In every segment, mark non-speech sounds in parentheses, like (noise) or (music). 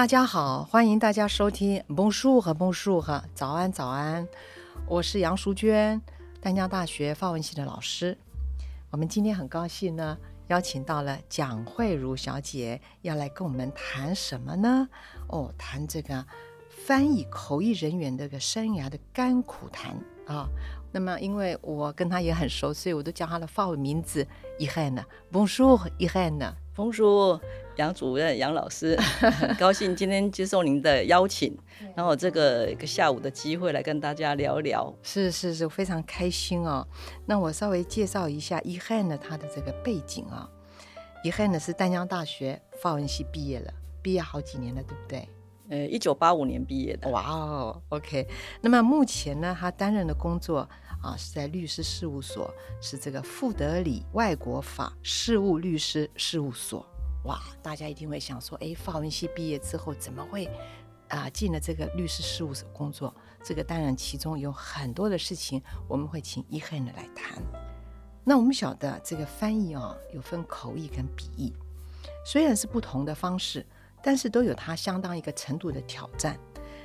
大家好，歡迎大家收聽《Bonjour 和 Bonjour》和早安早安，我是楊淑娟，丹江大學法文系的老師。我們今天很高興呢，邀請到了蔣蕙如小姐要來跟我們談什麼呢？哦，談這個翻譯口譯人員的個生涯的甘苦談啊、哦。那麼因為我跟她也很熟，所以我都叫她的法文名字，Irene。Bonjour，Irene。洪叔、楊主任、楊老師，很高興今天接受您的邀請， (laughs) 然後這個一個下午的機會來跟大家聊一聊。是是是非常開心哦。那我稍微介紹一下遺憾的他的這個背景啊、哦。遺憾呢是淡江大學法文系畢業了，畢業好幾年了，對不對？呃，一九八五年畢業的。哇、wow, 哦，OK。那麼目前呢，他擔任的工作，啊，是在律師事務所，是這個傅德理外國法事務律師事務所。哇，大家一定會想說，哎，法文系畢業之後怎麼會啊、呃、進了這個律師事務所工作？這個當然其中有很多的事情，我們會請蕙如來談。那我們曉得這個翻譯啊、哦，有分口譯跟筆譯，雖然是不同的方式，但是都有它相當一個程度的挑戰。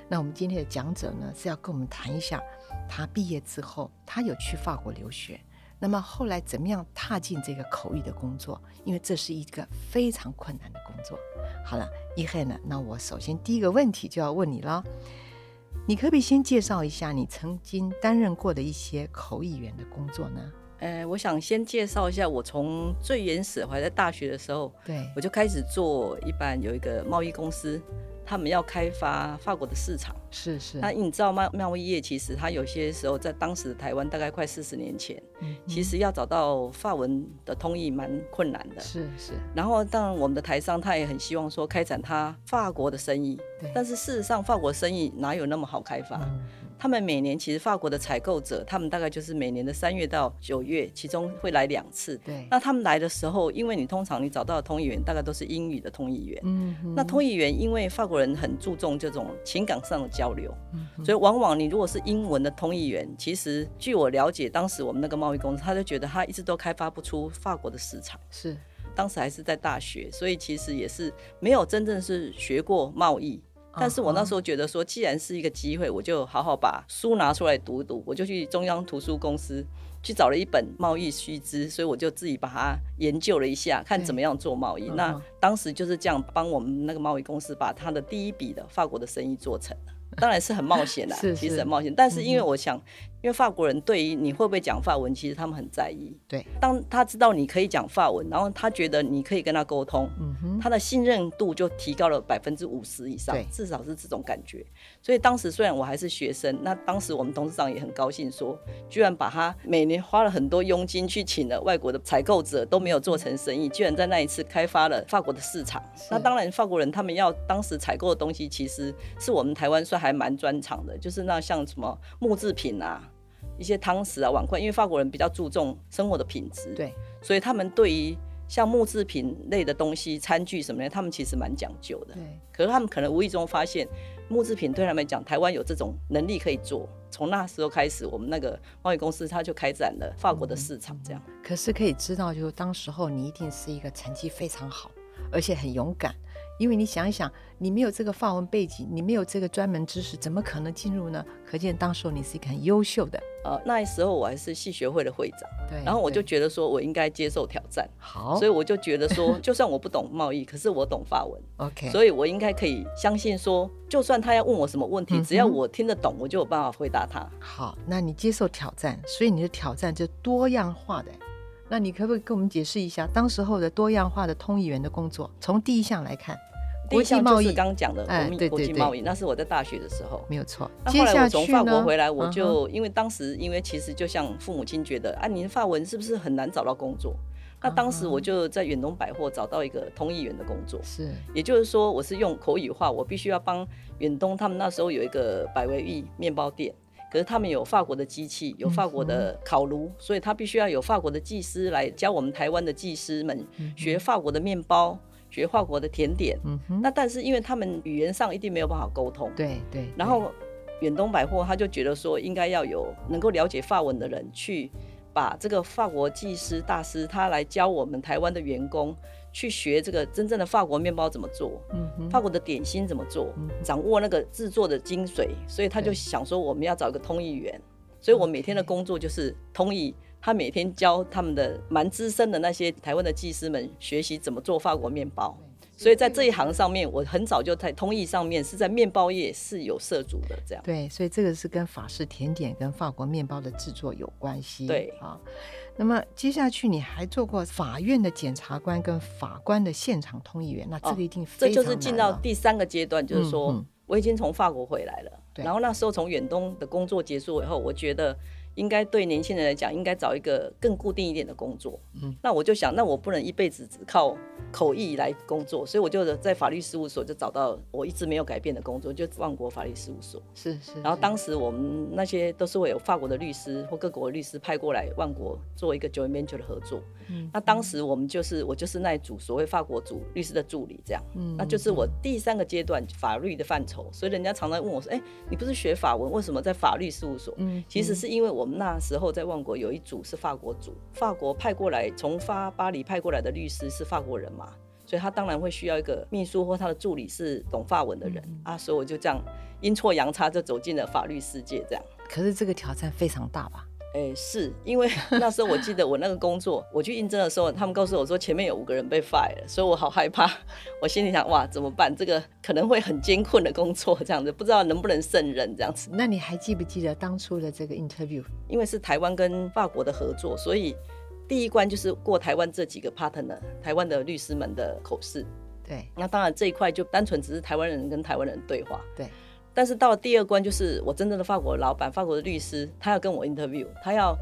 那我們今天的講者呢，是要跟我們談一下他畢業之後，他有去法國留學。那麼後來怎麼樣踏進這個口譯的工作？因為這是一個非常困難的工作。好了，蕙如呢，那我首先第一個問題就要問你了。你可不可以先介紹一下你曾經擔任過的一些口譯員的工作呢？呃，我想先介紹一下，我從最原始還在大學的時候，對，我就開始做，一般有一個貿易公司。他們要開發法國的市場，是是。那你知道嗎，妙妙味業其實它有些時候在當時的台灣，大概快四十年前，嗯嗯，其實要找到法文的通譯蠻困難的，是是。然後，當然我們的台商他也很希望說開展他法國的生意，但是事實上法國生意哪有那麼好開發？嗯他們每年其實法國的採購者，他們大概就是每年的三月到九月，其中會來兩次。對，那他們來的時候，因為你通常你找到的通譯員，大概都是英語的通譯員。嗯，那通譯員因為法國人很注重這種情感上的交流，嗯、所以往往你如果是英文的通譯員，其實據我了解，當時我們那個貿易公司，他就覺得他一直都開發不出法國的市場。是，當時還是在大學，所以其實也是沒有真正是學過貿易。但是我那時候覺得說，既然是一個機會，我就好好把書拿出來讀一讀，我就去中央圖書公司去找了一本《貿易須知》，所以我就自己把它研究了一下，看怎麼樣做貿易。那當時就是這樣幫我們那個貿易公司把他的第一筆的法國的生意做成了，當然是很冒險的，其實很冒險。但是因為我想。因為法國人對於你會不會講法文，其實他們很在意。對，當他知道你可以講法文，然後他覺得你可以跟他溝通，嗯哼，他的信任度就提高了百分之五十以上，至少是這種感覺。所以當時雖然我還是學生，那當時我們董事長也很高興說，說居然把他每年花了很多佣金去請了外國的採購者都沒有做成生意，居然在那一次開發了法國的市場。那當然，法國人他們要當時採購的東西，其實是我們台灣算還蠻專長的，就是那像什麼木制品啊。一些湯匙啊、碗筷，因為法國人比較注重生活的品質，對，所以他們對於像木製品類的東西、餐具什麼的，他們其實蠻講究的。對，可是他們可能無意中發現木製品對他們來講，台灣有這種能力可以做。從那時候開始，我們那個貿易公司它就開展了法國的市場，這樣、嗯嗯。可是可以知道，就是當時候你一定是一個成績非常好，而且很勇敢。因為你想一想，你沒有這個法文背景，你沒有這個專門知識，怎麼可能進入呢？可見當時你是一個很優秀的。呃，那時候我還是系學會的會長，對。然後我就覺得說，我應該接受挑戰。好。所以我就覺得說，就算我不懂貿易， (laughs) 可是我懂法文，OK。所以我應該可以相信說，就算他要問我什麼問題，嗯，只要我聽得懂，我就有辦法回答他。好，那你接受挑戰，所以你的挑戰就是多樣化的。那你可不可以跟我們解釋一下當時候的多樣化的通譯員的工作？從第一項來看，國際貿易剛講的國民，哎，對對對，國際貿易，那是我在大學的時候，沒有錯。那後來我從法國回來，我就因為當時，因為其實就像父母親覺得、嗯、啊，你的法文是不是很難找到工作？嗯、那當時我就在遠東百貨找到一個通譯員的工作，是，也就是說我是用口語化，我必須要幫遠東他們那時候有一個百威芋面包店。可是他們有法國的機器，有法國的烤爐、嗯哼，所以他必須要有法國的技師來教我們台灣的技師們學法國的麵包、嗯哼，學法國的甜點、嗯哼。那但是因為他們語言上一定沒有辦法溝通。對、嗯哼、對。然後遠東百貨他就覺得說應該要有能夠了解法文的人去把這個法國技師大師他來教我們台灣的員工，去學這個真正的法國麵包怎麼做，嗯，法國的點心怎麼做，嗯，掌握那個製作的精髓，嗯，所以他就想說我們要找一個通譯員，所以我每天的工作就是通譯，他每天教他們的蠻資深的那些台灣的技師們學習怎麼做法國麵包。所以在這一行上面，我很早就在通譯上面是在麵包業是有涉足的。這樣對，所以這個是跟法式甜點跟法國麵包的制作有關係。對啊，那麼接下去你還做過法院的檢察官跟法官的現場通譯員，那這個一定非常，哦，這就是進到第三個階段，就是說、嗯嗯、我已經從法國回來了。對，然後那時候從遠東的工作結束以後，我覺得。應該對年輕人來講，應該找一個更固定一點的工作。嗯，那我就想，那我不能一輩子只靠口譯來工作，所以我就在法律事務所就找到我一直沒有改變的工作，就萬國法律事務所。是是，是。然後當時我們那些都是會有法國的律師或各國的律師派過來萬國做一個 joint venture 的合作。嗯。那當時我們就是我就是那一組所謂法國組律師的助理這樣。嗯。那就是我第三個階段法律的範疇，所以人家常常問我說：“哎，你不是學法文，為什麼在法律事務所？”嗯。其實，其實是因為我。那時候在萬國有一組是法國組，法國派過來，從法巴黎派過來的律師是法國人嘛，所以他當然會需要一個秘書或他的助理是懂法文的人，嗯、啊，所以我就這樣陰錯陽差就走進了法律世界，這樣。可是這個挑戰非常大吧？哎，是因為那時候我記得我那個工作， (laughs) 我去應徵的時候，他們告訴我說前面有五個人被 fire 了，所以我好害怕。我心裡想，哇，怎麼辦？這個可能會很艱困的工作，這樣子不知道能不能勝任這樣子。那你還記不記得當初的這個 interview？因為是台灣跟法國的合作，所以第一關就是過台灣這幾個 partner、台灣的律師們的口試。對，那當然這一塊就單純只是台灣人跟台灣人對話。對。但是到了第二關，就是我真正的法國的老闆、法國的律師，他要跟我 interview，他要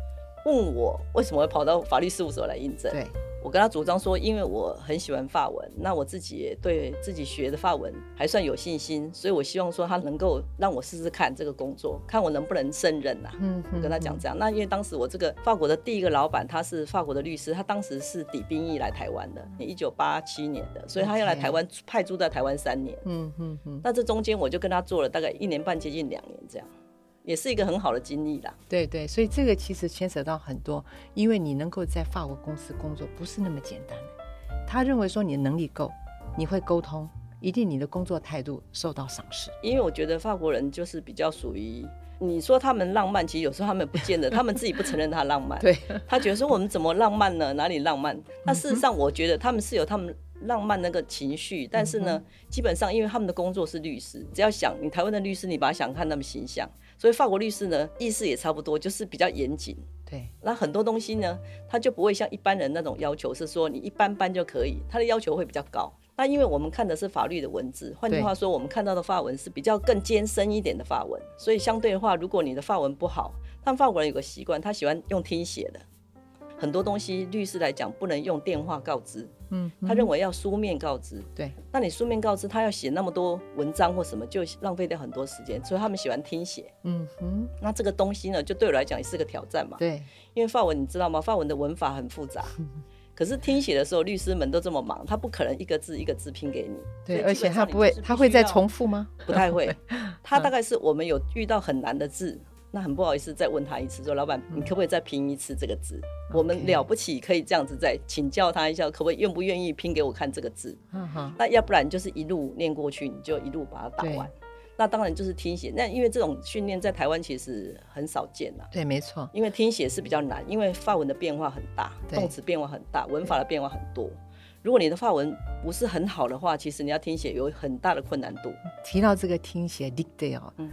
問我為什麼會跑到法律事務所來應徵。對。我跟他主張說，因為我很喜歡法文，那我自己也對自己學的法文還算有信心，所以我希望說他能夠讓我試試看這個工作，看我能不能勝任啊。嗯，嗯，嗯。跟他講這樣，那因為當時我這個法國的第一個老闆他是法國的律師，他當時是抵兵役來台灣的，一九八七年的，所以他要來台灣，okay. 派駐在台灣三年。嗯嗯嗯。那這中間我就跟他做了大概一年半，接近兩年這樣。也是一個很好的經歷啦。對對，所以這個其實牽扯到很多，因為你能夠在法國公司工作不是那麼簡單的。他認為說你的能力夠，你會溝通，一定你的工作態度受到賞識。因為我覺得法國人就是比較屬於，你說他們浪漫，其實有時候他們不見得， (laughs) 他們自己不承認他浪漫。對，他覺得說我們怎麼浪漫呢？哪裡浪漫？ (laughs) 那事實上我覺得他們是有他們浪漫那個情緒，但是呢， (laughs) 基本上因為他們的工作是律師，只要想你台灣的律師，你把他想看那麼形象。所以法國律師呢，意思也差不多，就是比較嚴謹。對，那很多東西呢，他就不會像一般人那種要求，是說你一般般就可以，他的要求會比較高。那因為我們看的是法律的文字，換句話說，我們看到的法文是比較更艱深一點的法文，所以相對的話，如果你的法文不好，他們法國人有個習慣，他喜歡用聽寫的，很多東西律師來講不能用電話告知。嗯，他認為要書面告知，對。那你書面告知，他要寫那麼多文章或什麼，就浪費掉很多時間。所以他們喜歡聽寫。嗯哼。那這個東西呢，就對我來講也是個挑戰嘛。對。因為法文你知道嗎？法文的文法很複雜。是，可是聽寫的時候，律師們都這麼忙，他不可能一個字一個字拼給你。對，而且他不會，他會再重複嗎？不太會 (laughs) 他大概是我們有遇到很難的字，那很不好意思，再問他一次，說老闆，你可不可以再拼一次這個字？Okay. 我們了不起，可以這樣子再請教他一下，可不可以願不願意拼給我看這個字？嗯哼。那要不然就是一路念過去，你就一路把它打完，那當然就是聽寫。那因為這種訓練在台灣其實很少見了，啊。對，沒錯。因為聽寫是比較難，因為法文的變化很大，對動詞變化很大，文法的變化很多。如果你的法文不是很好的話，其實你要聽寫有很大的困難度。提到這個聽寫，對哦、嗯，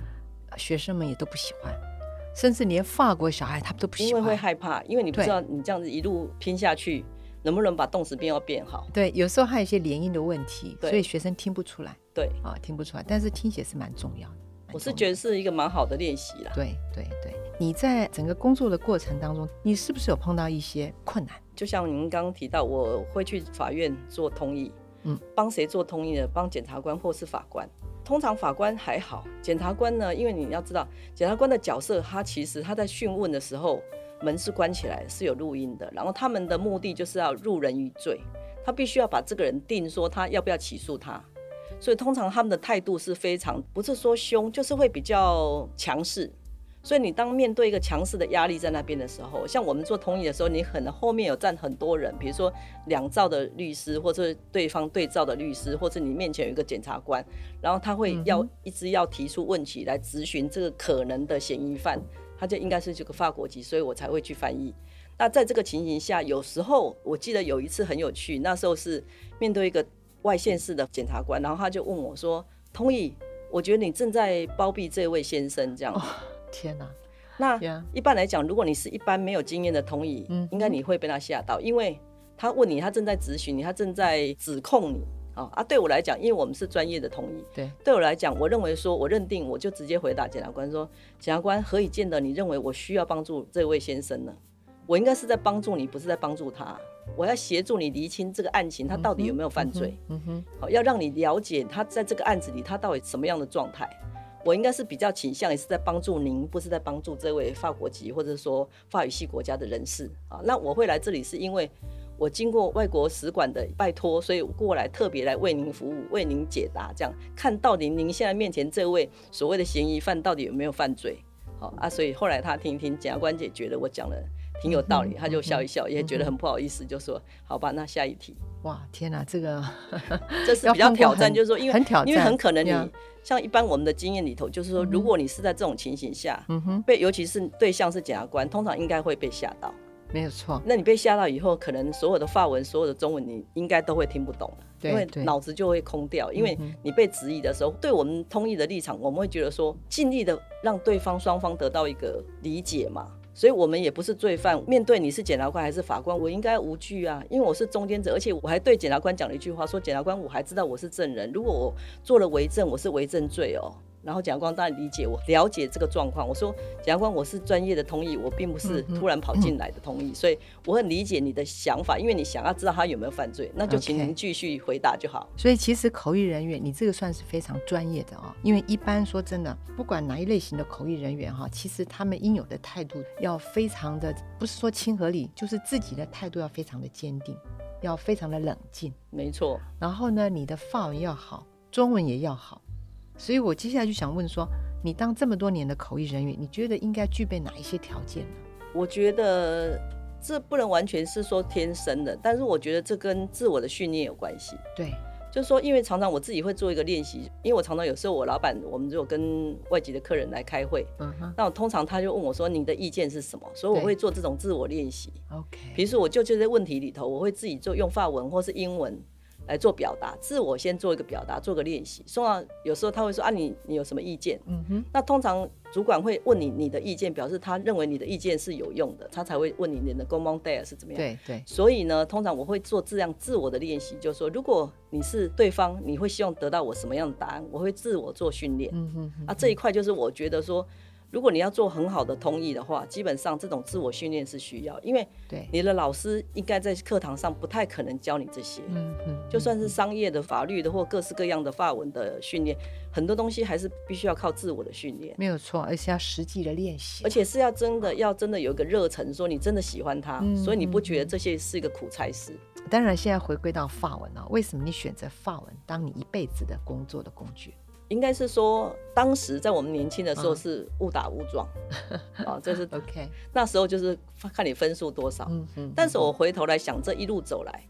學生們也都不喜歡。甚至連法國小孩他們都不喜歡，因為會害怕，因為你不知道你這樣子一路拼下去，能不能把動詞變要變好？對，有時候還有一些連音的問題，對，所以學生聽不出來。對，啊，哦，聽不出來，但是聽寫是蠻重，重要的。我是覺得是一個蠻好的練習啦。對對對，你在整個工作的過程當中，你是不是有碰到一些困難？就像您剛剛提到，我會去法院做通譯，嗯，幫誰做通譯呢？幫檢察官或是法官？通常法官還好，檢察官呢？因為你要知道，檢察官的角色，他其實他在訊問的時候，門是關起來，是有錄音的。然後他們的目的就是要入人於罪，他必須要把這個人定說他要不要起訴他。所以通常他們的態度是非常，不是說兇，就是會比較強勢。所以你當面對一個強勢的壓力在那邊的時候，像我們做通譯的時候，你很後面有站很多人，比如說兩造的律師，或者對方對造的律師，或者你面前有一個檢察官，然後他會要、嗯、一直要提出問題來質詢這個可能的嫌疑犯，他就應該是這個法國籍，所以我才會去翻譯。那在這個情形下，有時候我記得有一次很有趣，那時候是面對一個外縣市的檢察官，然後他就問我說：“通譯，我覺得你正在包庇這位先生。”這樣。哦天吶、啊，那、yeah. 一般來講，如果你是一般沒有經驗的通譯，嗯，應該你會被他嚇到、嗯，因為他問你，他正在質詢你，他正在指控你。啊、哦、啊！對我來講，因為我們是專業的通譯。對，對我來講，我認為說，我認定，我就直接回答檢察官說，檢察官，何以見得你認為我需要幫助這位先生呢？我應該是在幫助你，不是在幫助他，我要協助你釐清這個案情，他到底有沒有犯罪？嗯哼，好、嗯嗯哦，要讓你了解他在這個案子裡他到底什麼樣的狀態。我應該是比較傾向於是在幫助您，不是在幫助這位法國籍或者說法語系國家的人士啊。那我會來這裡，是因為我經過外國使館的拜託，所以我過來特別來為您服務、為您解答，這樣看到底您現在面前這位所謂的嫌疑犯到底有沒有犯罪？好啊，所以後來他聽一聽檢察官解覺得我講了，挺有道理，他就笑一笑，嗯、也覺得很不好意思，嗯、就說、嗯：“好吧，那下一題。”哇，天哪、啊，這個這是比較挑戰，就是說，因為很挑戰，因為很可能你、嗯、像一般我們的經驗裡頭，就是說、嗯，如果你是在這種情形下，嗯哼，被尤其是對象是檢察官，通常應該會被嚇到。沒有錯。那你被嚇到以後，可能所有的法文、所有的中文，你應該都會聽不懂，對，因為腦子就會空掉。因為你被質疑的時候、嗯，對我們通譯的立場，我們會覺得說，盡力的讓對方雙方得到一個理解嘛。所以，我們也不是罪犯。面對你是檢察官還是法官，我應該無懼啊，因為我是中間者，而且我還對檢察官講了一句話，說檢察官，我還知道我是證人，如果我做了偽證，我是偽證罪哦。然後蔣光，當然理解我，了解這個狀況。我說，蔣光，我是專業的通譯，我並不是突然跑進來的通譯，所以我很理解你的想法。因為你想要知道他有沒有犯罪，那就請您繼續回答就好、okay.。所以，其實口譯人員，你這個算是非常專業的啊、哦。因為一般說真的，不管哪一類型的口譯人員哈、哦，其實他們應有的態度要非常的，不是說親和力，就是自己的態度要非常的堅定，要非常的冷靜。沒錯。然後呢，你的法文要好，中文也要好。所以，我接下來就想問說，你當這麼多年的口譯人員，你覺得應該具備哪一些條件呢？我覺得這不能完全是說天生的，但是我覺得這跟自我的訓練有關係。對，就是說，因為常常我自己會做一個練習，因為我常常有時候我老板，我們就跟外籍的客人來開會，嗯哼，那我通常他就問我說，你的意見是什麼？所以我會做這種自我練習。OK，比如說我就就在問題裡頭，我會自己做用法文或是英文。來做表達，自我先做一個表達，做個練習。通常有時候他會說啊，你你有什麼意見？嗯哼。那通常主管會問你你的意見，表示他認為你的意見是有用的，他才會問你你的 commentaire 是怎麼樣？對對。所以呢，通常我會做這樣自我的練習，就是說，如果你是對方，你會希望得到我什麼樣的答案？我會自我做訓練。嗯哼嗯哼啊，這一塊就是我覺得說。如果你要做很好的通譯的話，基本上這種自我訓練是需要，因為你的老師應該在課堂上不太可能教你這些。嗯嗯。就算是商業的、法律的或各式各樣的法文的訓練，很多東西還是必須要靠自我的訓練。沒有錯，而且要實際的練習。而且是要真的要真的有一個熱忱，說你真的喜歡它，嗯、所以你不覺得這些是一個苦差事？當然，現在回歸到法文了，為什麼你選擇法文當你一輩子的工作的工具？應該是說，當時在我們年輕的時候是誤打誤撞，這、啊啊就是 OK。那時候就是看你分數多少、嗯嗯嗯，但是我回頭來想，這一路走來，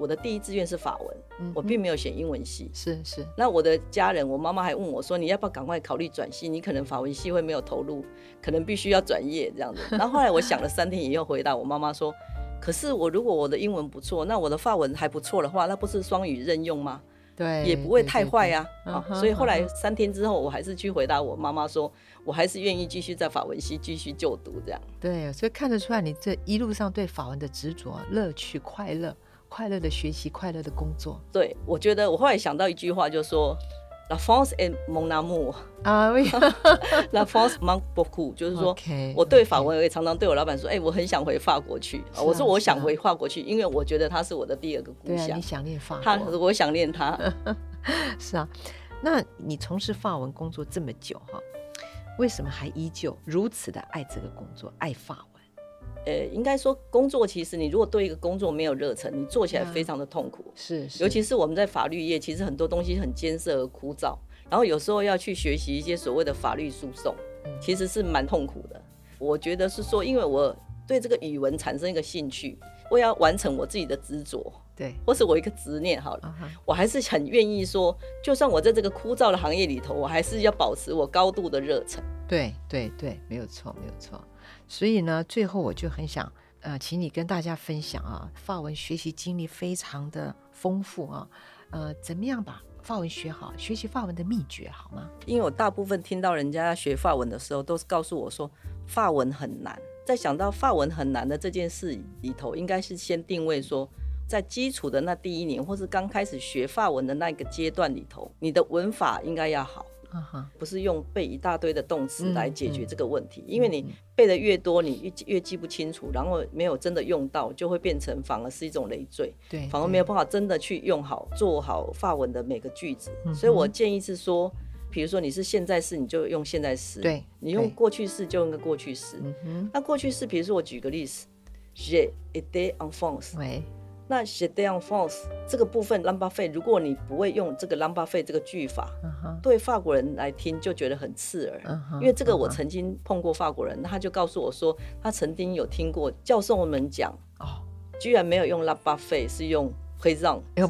我的第一志願是法文、嗯嗯，我並沒有選英文系，是是。那我的家人，我媽媽還問我說，你要不要趕快考慮轉系？你可能法文系會沒有投入，可能必須要轉業這樣子。然後後來我想了三天以後回答我媽媽說， (laughs) 可是我如果我的英文不錯，那我的法文還不錯的話，那不是雙語任用嗎？對，也不會太壞呀、啊，啊、uh-huh,，所以後來三天之後，我還是去回答我媽媽說，說、uh-huh. 我還是願意繼續在法文系繼續就讀，這樣。對，所以看得出來你這一路上對法文的執着、樂趣、快樂、快樂的學習、快樂的工作。對，我覺得我後來想到一句話，就說。La France et mon amour 啊，La France manque beaucoup，就是說 okay, okay.，我對法文，我也常常對我老板說，哎、欸，我很想回法國去。啊、我說我想回法國去、啊，因為我覺得他是我的第二個故鄉、啊。你想念法，他，我想念他。 (laughs) 是啊，那你從事法文工作這麼久哈，為什麼還依舊如此的愛這個工作，愛法文？呃、欸，應該說工作其實你如果對一個工作沒有熱忱，你做起來非常的痛苦。是、yeah，尤其是我們在法律業，其實很多東西很艱澀和枯燥，然後有時候要去學習一些所謂的法律訴訟，其實是蠻痛苦的。我覺得是說，因為我對這個語文產生一個興趣，我要完成我自己的執着。對，或是我一個執念好了，Uh-huh. 我還是很願意說，就算我在這個枯燥的行業裡頭，我還是要保持我高度的熱忱。對對對，沒有錯，沒有錯。所以呢，最後我就很想，呃，請你跟大家分享啊，法文學習經歷非常的豐富啊，呃，怎麼樣把法文學好？學習法文的秘訣好嗎？因為我大部分聽到人家學法文的時候，都是告訴我說法文很難。在想到法文很難的這件事裡頭，應該是先定位說。在基礎的那第一年，或是剛開始學法文的那個階段裡頭，你的文法應該要好，uh -huh. 不是用背一大堆的動詞來解決這個問題，mm -hmm. 因為你背得越多，你越越記不清楚，然後沒有真的用到，就會變成反而是一種累贅，對，反而沒有辦法真的去用好、做好法文的每個句子。Mm -hmm. 所以我建議是說，比如說你是現在式，你就用現在式；對你用過去式，就用個過去式。Mm -hmm. 那過去式，比如說我舉個例子，J'ai été en France、oui.。那寫 down force 這個部分 l'imparfait 如果你不會用這個 l'imparfait 這個句法，對法國人來聽就覺得很刺耳。因為這個我曾經碰過法國人，他就告訴我說，他曾經有聽過教授們講，居然沒有用 l'imparfait 是用。會讓又，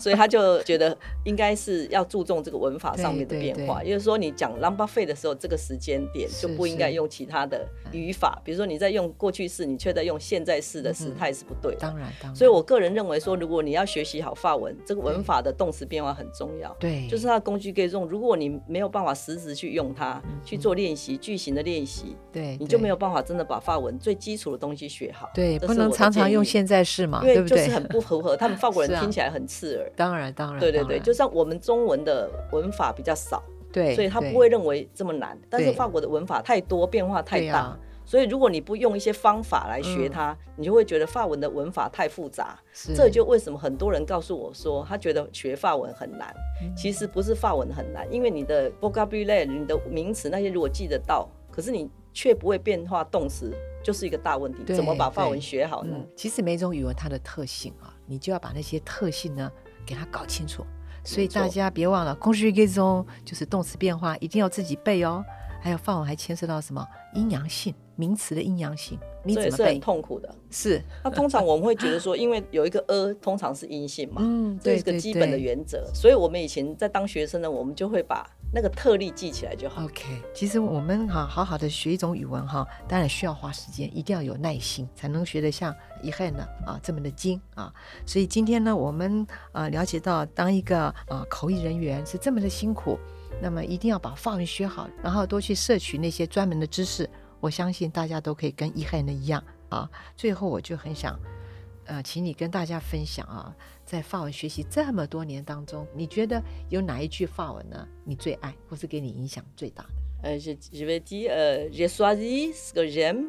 所以他就覺得應該是要注重這個文法上面的變化。因為說，你講 l'imparfait 的時候，這個時間點就不應該用其他的語法。是是比如說，你在用過去式，你卻在用現在式的時態、嗯、是不對的當然。當然。所以我個人認為說，如果你要學習好法文，這個文法的動詞變化很重要。對，就是它的工具可以用。如果你沒有辦法實質去用它去做練習，句、嗯、型的練習，對,對,對，你就沒有辦法真的把法文最基礎的東西學好。對是。對，不能常常用現在式嘛，對不對？很不符合。他們法國人聽起來很刺耳，啊、當然當然，對對對，就像我們中文的文法比較少，對，所以他不會認為這麼難。但是法國的文法太多，變化太大、啊，所以如果你不用一些方法來學它，嗯、你就會覺得法文的文法太複雜。是，這就為什麼很多人告訴我說他覺得學法文很難、嗯。其實不是法文很難，因為你的 vocabulary 你的名詞那些如果記得到，可是你卻不會變化動詞，就是一個大問題。怎麼把法文學好呢？嗯、其實每種語文它的特性啊，你就要把那些特性呢，給它搞清楚。所以大家別忘了，conjugaison 就是動詞變化，一定要自己背哦。還有，法文還牽涉到什麼陰陽、嗯、性，名詞的陰陽性，你怎麼背？是很痛苦的。是。那、啊、通常我們會覺得說， (laughs) 因為有一個呃，通常是陰性嘛，這、嗯、是個對對對基本的原則。所以我們以前在當學生呢，我們就會把。那個特例記起來就好。OK，其實我們哈、啊、好好的學一種語文哈、啊，當然需要花時間，一定要有耐心，才能學得像伊漢呢啊這麼的精啊。所以今天呢，我們啊，了解到當一個啊口譯人員是這麼的辛苦，那麼一定要把發音學好，然後多去攝取那些專門的知識。我相信大家都可以跟伊漢呢一樣啊。最後我就很想，呃，請你跟大家分享啊。在法文學習這麼多年當中，你覺得有哪一句法文呢？你最愛，或是給你影響最大的？呃，je choisis ce que j'aime,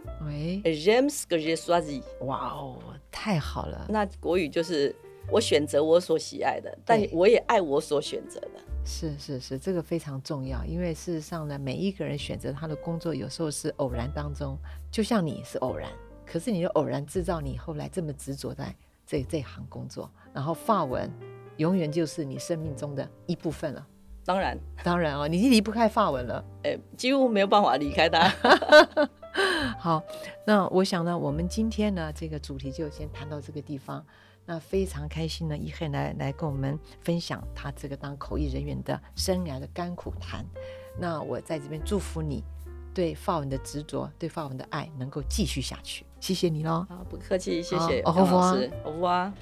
j'aime ce que je choisis。哇哦，太好了！那國語就是我選擇我所喜愛的，但我也愛我所選擇的。是是是，這個非常重要，因為事實上呢，每一個人選擇他的工作，有時候是偶然當中，就像你是偶然，可是你的偶然製造你後來這麼執着在這這行工作，然後法文，永遠就是你生命中的一部分了。當然，當然啊、哦，你已經離不開法文了，哎，幾乎沒有辦法離開它。 (laughs) (laughs) 好，那我想呢，我們今天呢，這個主題就先談到這個地方。那非常開心呢，一黑來來跟我們分享他這個當口譯人員的生涯的甘苦談。那我在這邊祝福你。對法文的執着，對法文的愛，能夠繼續下去。謝謝你咯、嗯、好，不客氣，謝謝歐博士，歐、哦